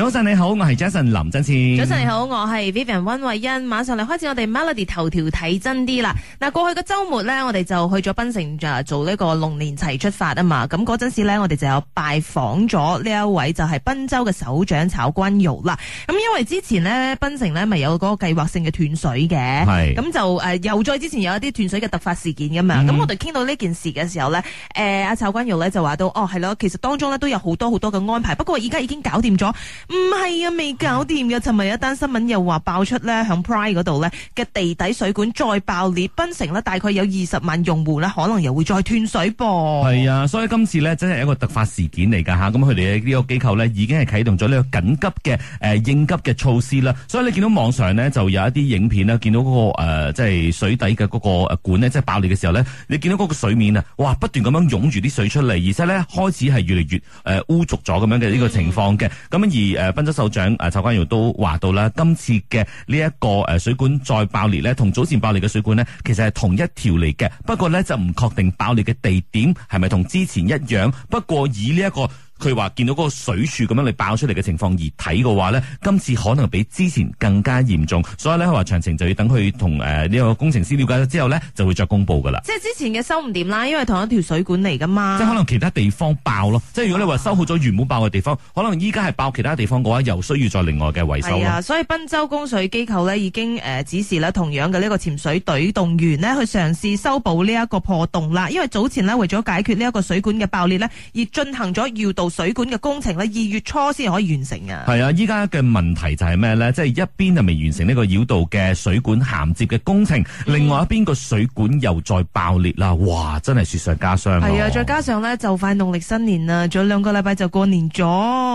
早晨你好，我係 Jason 林振先早晨你好，我係 Vivian 温慧欣。馬上嚟開始我哋 Melody 頭條睇真啲啦。嗱，過去個周末呢，我哋就去咗檳城做呢個龍年齊出發啊嘛。咁嗰陣時呢，我哋就有拜訪咗呢一位就係檳州嘅首長曹觀友啦。咁因為之前呢，檳城呢咪有嗰個計劃性嘅斷水嘅，咁是就誒、呃、又再之前有一啲斷水嘅突發事件咁樣。咁、嗯嗯、我哋傾到呢件事嘅時候呢，誒、呃、阿、啊、曹觀友呢就話到，哦係咯，其實當中呢都有好多好多嘅安排，不過而家已經搞掂咗。唔係啊，未搞掂嘅。尋日有一單新聞又話爆出咧，響 Prai 嗰度呢嘅地底水管再爆裂，檳城呢大概有二十萬用戶呢，可能又會再斷水噃。係啊，所以今次呢，真係一個突發事件嚟噶吓，咁佢哋呢個機構呢，已經係啟動咗呢個緊急嘅誒、呃、應急嘅措施啦。所以你見到網上呢，就有一啲影片呢，見到嗰、那個誒即係水底嘅嗰個管呢，即係爆裂嘅時候呢，你見到嗰個水面啊，哇不斷咁樣湧住啲水出嚟，而且呢，開始係越嚟越誒、呃、污濁咗咁樣嘅呢個情況嘅，咁、嗯、而。誒、呃、賓州首長，誒查關耀都話到啦，今次嘅呢一個誒水管再爆裂咧，同早前爆裂嘅水管咧，其實係同一條嚟嘅，不過咧就唔確定爆裂嘅地點係咪同之前一樣。不過以呢、這、一個。佢話見到嗰個水柱咁樣嚟爆出嚟嘅情況而睇嘅話呢，今次可能比之前更加嚴重，所以呢，佢話詳情就要等佢同誒呢個工程師了解咗之後呢，就會再公布噶啦。即係之前嘅修唔掂啦，因為同一條水管嚟噶嘛。即係可能其他地方爆咯，即係如果你話修好咗原本爆嘅地方，啊、可能依家係爆其他地方嘅話，又需要再另外嘅維修。所以賓州供水機構呢，已經誒指示咧同樣嘅呢個潛水隊動員呢，去嘗試修補呢一個破洞啦。因為早前呢，為咗解決呢一個水管嘅爆裂呢，而進行咗繞道水管嘅工程呢，二月初先可以完成㗎！係啊，依家嘅問題就係咩呢？即係一邊係未完成呢個繞道嘅水管銜接嘅工程，嗯、另外一邊個水管又再爆裂啦！哇，真係雪上加霜了。係啊，再加上呢，就快農曆新年啦，仲有兩個禮拜就過年咗，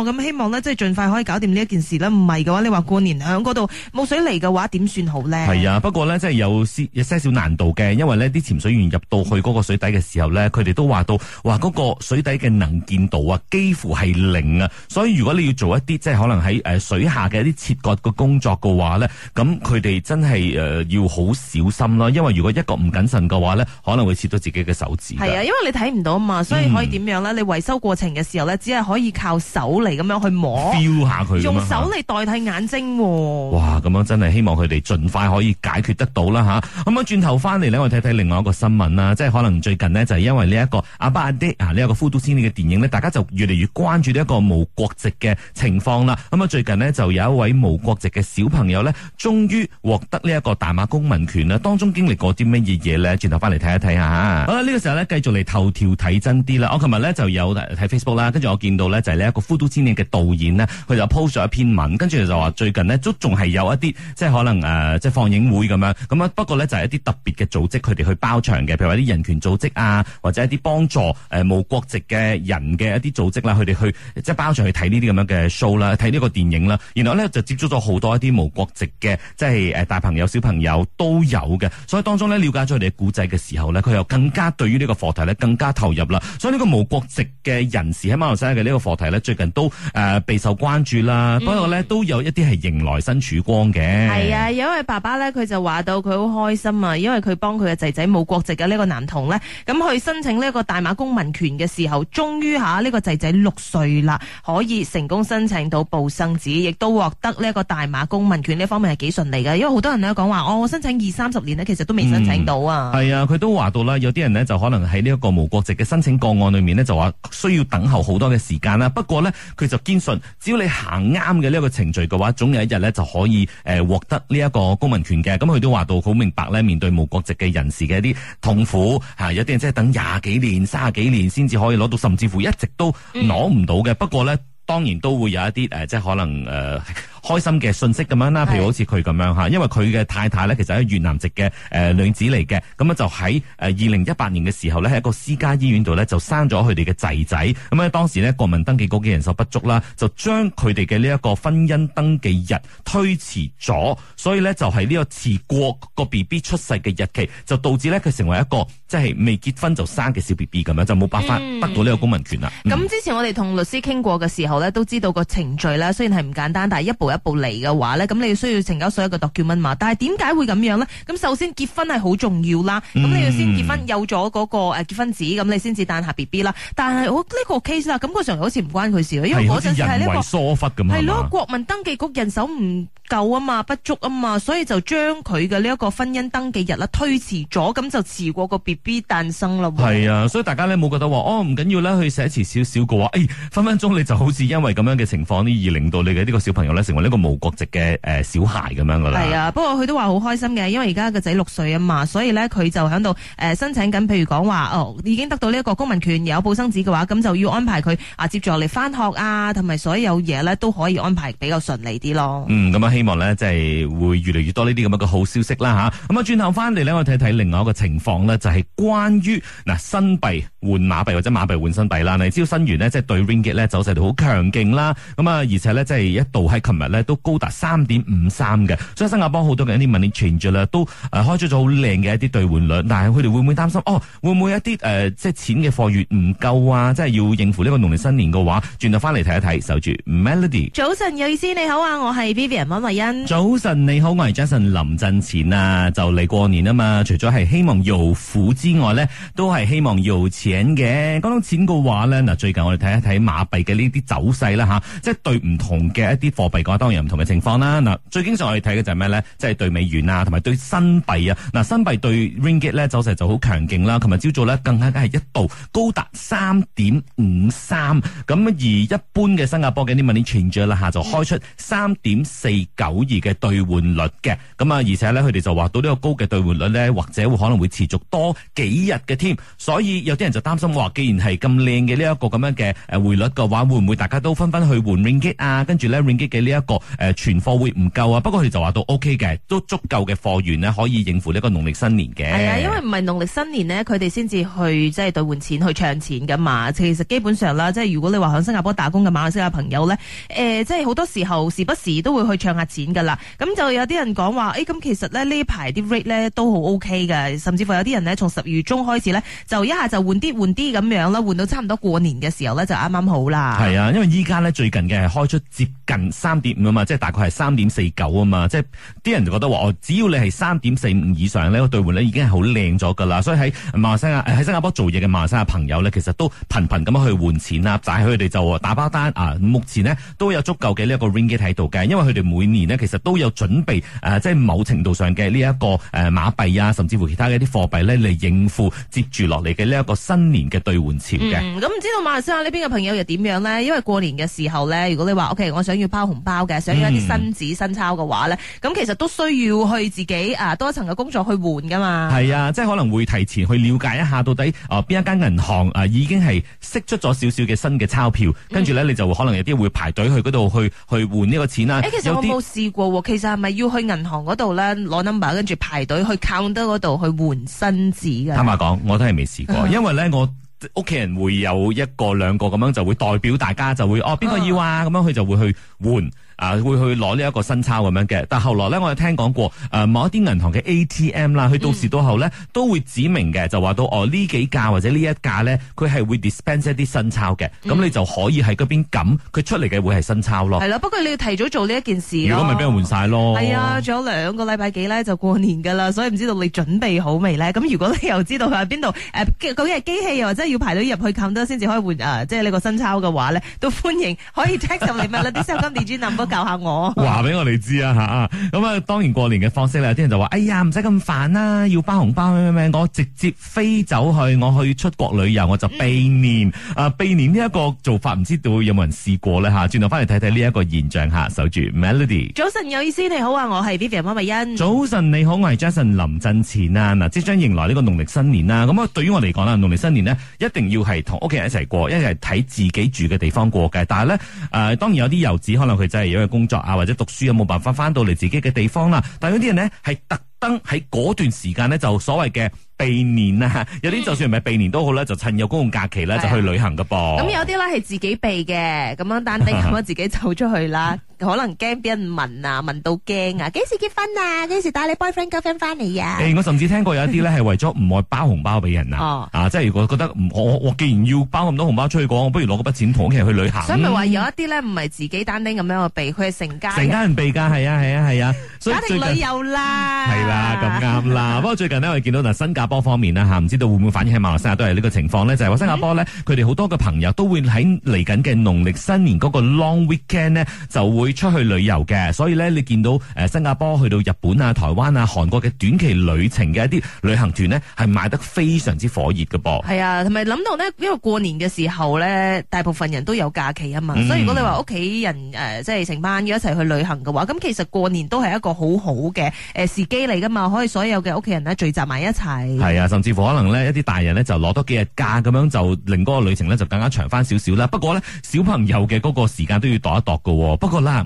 咁希望呢，即係盡快可以搞掂呢一件事啦。唔係嘅話，你話過年響嗰度冇水嚟嘅話，點算好呢？係啊，不過呢，即係有少些少難度嘅，因為呢啲潛水員入到去嗰個水底嘅時候呢，佢哋都話到，話嗰、嗰個水底嘅能見度啊，幾乎係零啊！所以如果你要做一啲即係可能喺誒水下嘅一啲切割嘅工作嘅話呢，咁佢哋真係誒、呃、要好小心咯。因為如果一個唔謹慎嘅話呢，可能會切到自己嘅手指。係啊，因為你睇唔到啊嘛，所以可以點樣呢？嗯、你維修過程嘅時候呢，只係可以靠手嚟，咁樣去摸下佢，用手嚟代替眼睛、啊啊。哇！咁樣真係希望佢哋盡快可以解決得到啦吓。咁樣轉頭翻嚟呢，我睇睇另外一個新聞啦、啊，即係可能最近呢，就係、是、因為呢、這、一個阿爸阿爹啊呢、這個《富都青年》嘅電影呢，大家就越嚟。越關注呢一個無國籍嘅情況啦，咁啊最近呢，就有一位無國籍嘅小朋友呢，終於獲得呢一個大馬公民權啦。當中經歷過啲乜嘢嘢呢？轉頭翻嚟睇一睇下。好啦，呢、這個時候呢，繼續嚟頭條睇真啲啦。我琴日呢，就有睇 Facebook 啦，跟住我見到呢，就係呢一個《呼都千年》嘅導演呢，佢就 post 咗一篇文，跟住就話最近呢，都仲係有一啲即係可能誒、呃、即係放映會咁樣，咁啊不過呢，就係一啲特別嘅組織佢哋去包場嘅，譬如話啲人權組織啊，或者一啲幫助誒無國籍嘅人嘅一啲組織。啦，佢哋去即係包場去睇呢啲咁樣嘅 show 啦，睇呢個電影啦，然後咧就接觸咗好多一啲無國籍嘅，即係誒大朋友小朋友都有嘅，所以當中咧了解咗佢哋嘅故仔嘅時候咧，佢又更加對於呢個課題咧更加投入啦，所以呢個無國籍嘅人士喺馬來西亞嘅呢個課題呢，最近都誒備受關注啦，不過咧都有一啲係迎來新曙光嘅。係啊，有一位爸爸咧佢就話到佢好開心啊，因為佢幫佢嘅仔仔冇國籍嘅呢個男童咧，咁去申請呢個大馬公民權嘅時候，終於吓呢個仔仔。喺六歲啦，可以成功申請到報生紙，亦都獲得呢一個大馬公民權。呢方面係幾順利嘅，因為好多人呢講話，我、哦、我申請二三十年呢，其實都未申請到啊。係、嗯、啊，佢都話到啦，有啲人呢，就可能喺呢一個無國籍嘅申請個案裏面呢，就話需要等候好多嘅時間啦。不過呢，佢就堅信，只要你行啱嘅呢一個程序嘅話，總有一日呢就可以誒獲、呃、得呢一個公民權嘅。咁、嗯、佢都話到好明白呢，面對無國籍嘅人士嘅一啲痛苦吓、啊，有啲人即係等廿幾年、卅幾年先至可以攞到，甚至乎一直都。攞唔到嘅，不過咧，當然都會有一啲誒、呃，即係可能誒，呃開心嘅信息，咁樣啦，譬如好似佢咁樣吓，因為佢嘅太太咧，其實喺越南籍嘅誒女子嚟嘅，咁就喺誒二零一八年嘅時候咧，喺一個私家醫院度咧就生咗佢哋嘅仔仔，咁樣當時呢國民登記局嘅人手不足啦，就將佢哋嘅呢一個婚姻登記日推遲咗，所以呢，就係呢個遲過個 B B 出世嘅日期，就導致呢，佢成為一個即係未結婚就生嘅小 B B 咁樣，就冇辦法得到呢個公民權啦。咁、嗯嗯、之前我哋同律師傾過嘅時候呢，都知道個程序咧，雖然係唔簡單，但係一步一步一步嚟嘅話咧，咁你需要成交所有嘅 document 嘛？但係點解會咁樣咧？咁首先結婚係好重要啦，咁你要先結婚、嗯、有咗嗰個誒結婚紙，咁你先至誕下 B B 啦。但係我呢個 case 啦，咁個上、這個、好似唔關佢事啊，係好似人為疏忽咁樣係咯，國民登記局人手唔夠啊嘛，不足啊嘛，所以就將佢嘅呢一個婚姻登記日啦推遲咗，咁就遲過個 B B 誕生啦。係啊，所以大家呢冇覺得話哦唔緊要啦，去寫遲少少嘅話，誒、哎、分分鐘你就好似因為咁樣嘅情況而令到你嘅呢個小朋友咧成為一個無國籍嘅誒小孩咁樣噶啦，係啊，不過佢都話好開心嘅，因為而家個仔六歲啊嘛，所以咧佢就喺度誒申請緊，譬如講話哦，已經得到呢一個公民權，有報生紙嘅話，咁就要安排佢啊，接住嚟翻學啊，同埋所有嘢咧都可以安排比較順利啲咯。嗯，咁啊，希望咧即係會越嚟越多呢啲咁樣嘅好消息啦吓。咁啊，轉頭翻嚟咧，我睇睇另外一個情況咧，就係、是、關於嗱、啊、新幣換馬幣或者馬幣換新幣啦。嚟朝新元呢，即、就、係、是、對 Ringgit 咧走勢好強勁啦。咁啊，而且咧即係一度喺琴日。都高達三點五三嘅，所以新加坡好多嘅一啲 money changer 咧都誒開出咗好靚嘅一啲兌換率，但係佢哋會唔會擔心？哦，會唔會一啲誒、呃、即係錢嘅貨源唔夠啊？即係要應付呢個農曆新年嘅話，轉頭翻嚟睇一睇，守住 Melody。早晨，有意思你好啊，我係 Vivian 温慧欣。早晨你好，我係 Justin 林振前啊，就嚟過年啊嘛，除咗係希望遊富之外咧，都係希望遊錢嘅。講到錢嘅話咧，嗱最近我哋睇一睇馬幣嘅呢啲走勢啦嚇，即係對唔同嘅一啲貨幣當然有唔同嘅情況啦。嗱，最經常我哋睇嘅就係咩咧？即係對美元啊，同埋對新幣啊。嗱，新幣對 Ringgit 咧，走勢就好強勁啦。琴日朝早咧，更加係一度高達三點五三咁。而一般嘅新加坡嘅啲 Money Changer 啦，下就開出三點四九二嘅兌換率嘅。咁啊，而且咧，佢哋就話到呢個高嘅兌換率咧，或者會可能會持續多幾日嘅添。所以有啲人就擔心話，既然係咁靚嘅呢一個咁樣嘅誒匯率嘅話，會唔會大家都紛紛去換 Ringgit 啊？跟住咧，Ringgit 嘅呢一個誒存貨會唔夠啊？不過佢就話到 O K 嘅，都足夠嘅貨源呢，可以應付呢個農曆新年嘅。係啊，因為唔係農曆新年呢，佢哋先至去即係兌換錢去唱錢噶嘛。其實基本上啦，即係如果你話響新加坡打工嘅馬來西亞朋友咧，誒、呃，即係好多時候時不時都會去唱下錢噶啦。咁就有啲人講話，誒、哎，咁其實咧呢排啲 rate 咧都好 O K 嘅，甚至乎有啲人呢，從十二月中開始咧，就一下就換啲換啲咁樣啦，換到差唔多過年嘅時候咧就啱啱好啦。係啊，因為依家呢，最近嘅係開出接近三點。咁啊嘛，即係大概係三點四九啊嘛，即係啲人就覺得話哦，只要你係三點四五以上呢個兌換咧已經係好靚咗噶啦，所以喺馬來西亞喺新加坡做嘢嘅馬來西亞朋友呢，其實都頻頻咁樣去換錢啊，曬喺佢哋就打包單啊，目前呢，都有足夠嘅呢一個 Ringgit 喺度嘅，因為佢哋每年呢，其實都有準備誒、啊，即係某程度上嘅呢一個誒馬幣啊，甚至乎其他嘅一啲貨幣呢，嚟應付接住落嚟嘅呢一個新年嘅兌換潮嘅。咁唔、嗯、知道馬來西亞呢邊嘅朋友又點樣呢？因為過年嘅時候呢，如果你話 OK，我想要包紅包。想要一啲新紙、嗯、新鈔嘅話咧，咁其實都需要去自己啊多一層嘅工作去換噶嘛。係啊，即係可能會提前去了解一下到底啊邊、呃、一間銀行啊、呃、已經係釋出咗少少嘅新嘅鈔票，跟住咧你就可能有啲會排隊去嗰度去去換呢個錢啦。誒、欸，其實我冇試點過、啊，其實係咪要去銀行嗰度咧攞 number，跟住排隊去 counter 嗰度去換新紙噶？坦白講，我都係未試過，嗯、因為咧我屋企人會有一個兩個咁樣就會代表大家就會哦邊個要啊咁、啊、樣，佢就會去換。啊，會去攞呢一個新鈔咁樣嘅，但後來咧，我有聽講過，誒、呃，某一啲銀行嘅 ATM 啦，佢到時到後咧，都會指明嘅，就話到哦，呢幾架或者呢一架咧，佢係會 dispense 一啲新鈔嘅，咁、嗯、你就可以喺嗰邊撳，佢出嚟嘅會係新鈔咯。係啦，不過你要提早做呢一件事。如果咪俾人換晒咯。係啊，仲有兩個禮拜幾咧就過年噶啦，所以唔知道你準備好未咧？咁如果你又知道佢喺邊度，誒，嗰、呃、啲機器又或者要排隊入去撳多先至可以換，誒、呃，即係呢個新鈔嘅話咧，都歡迎可以 text 嚟 教下我，話 俾我哋知啊，吓，咁啊當然過年嘅方式咧，有啲人就話，哎呀唔使咁煩啦，要包紅包咩咩咩，我直接飛走去，我去出國旅遊，我就避年，嗯、啊避年呢一個做法，唔知道有冇人試過咧吓。轉頭翻嚟睇睇呢一個現象吓，守住 Melody。早晨有意思，你好啊，我係 Vivian 馬文欣。早晨你好，我係 Jason 林振前啊。嗱即將迎來呢個農曆新年啦，咁啊，嗯、對於我嚟講啦，農曆新年呢一定要係同屋企人一齊過，一係睇自己住嘅地方過嘅，但係咧誒當然有啲遊子可能佢真係。因為工作啊，或者讀書有冇辦法翻到嚟自己嘅地方啦。但係有啲人咧，係特登喺嗰段時間咧，就所謂嘅。避年啊，有啲就算唔係避年都好咧，就趁有公共假期咧就去旅行噶噃。咁、啊、有啲咧係自己避嘅，咁樣單丁咁樣自己走出去啦。 可能驚俾人問啊，問到驚啊。幾時結婚啊？幾時帶你 boyfriend girlfriend 翻嚟啊、欸？我甚至聽過有一啲咧係為咗唔愛包紅包俾人啊， 啊，即係如果覺得我我既然要包咁多紅包出去講，我不如攞嗰筆錢同屋企人去旅行。所以咪話有一啲咧唔係自己單丁咁樣去避，佢係成家成家人避噶，係啊係啊係啊。單丁、啊啊啊、旅遊、嗯啊、啦，係啦咁啱啦。不過最近我見到嗱新波方面啦嚇，唔知道會唔會反映喺馬來西亞都係呢個情況呢？就係、是、話新加坡呢，佢哋好多嘅朋友都會喺嚟緊嘅農曆新年嗰個 long weekend 呢，就會出去旅遊嘅，所以呢，你見到誒新加坡去到日本啊、台灣啊、韓國嘅短期旅程嘅一啲旅行團呢，係賣得非常之火熱噶噃。係啊，同埋諗到呢，因為過年嘅時候呢，大部分人都有假期啊嘛，嗯、所以如果你話屋企人誒即係成班要一齊去旅行嘅話，咁其實過年都係一個好好嘅誒時機嚟噶嘛，可以所有嘅屋企人咧聚集埋一齊。係 啊，甚至乎可能咧，一啲大人咧就攞多，多幾日假咁樣，就令嗰個旅程咧就更加長翻少少啦。不過咧，小朋友嘅嗰個時間都要度一度喎。不過啦。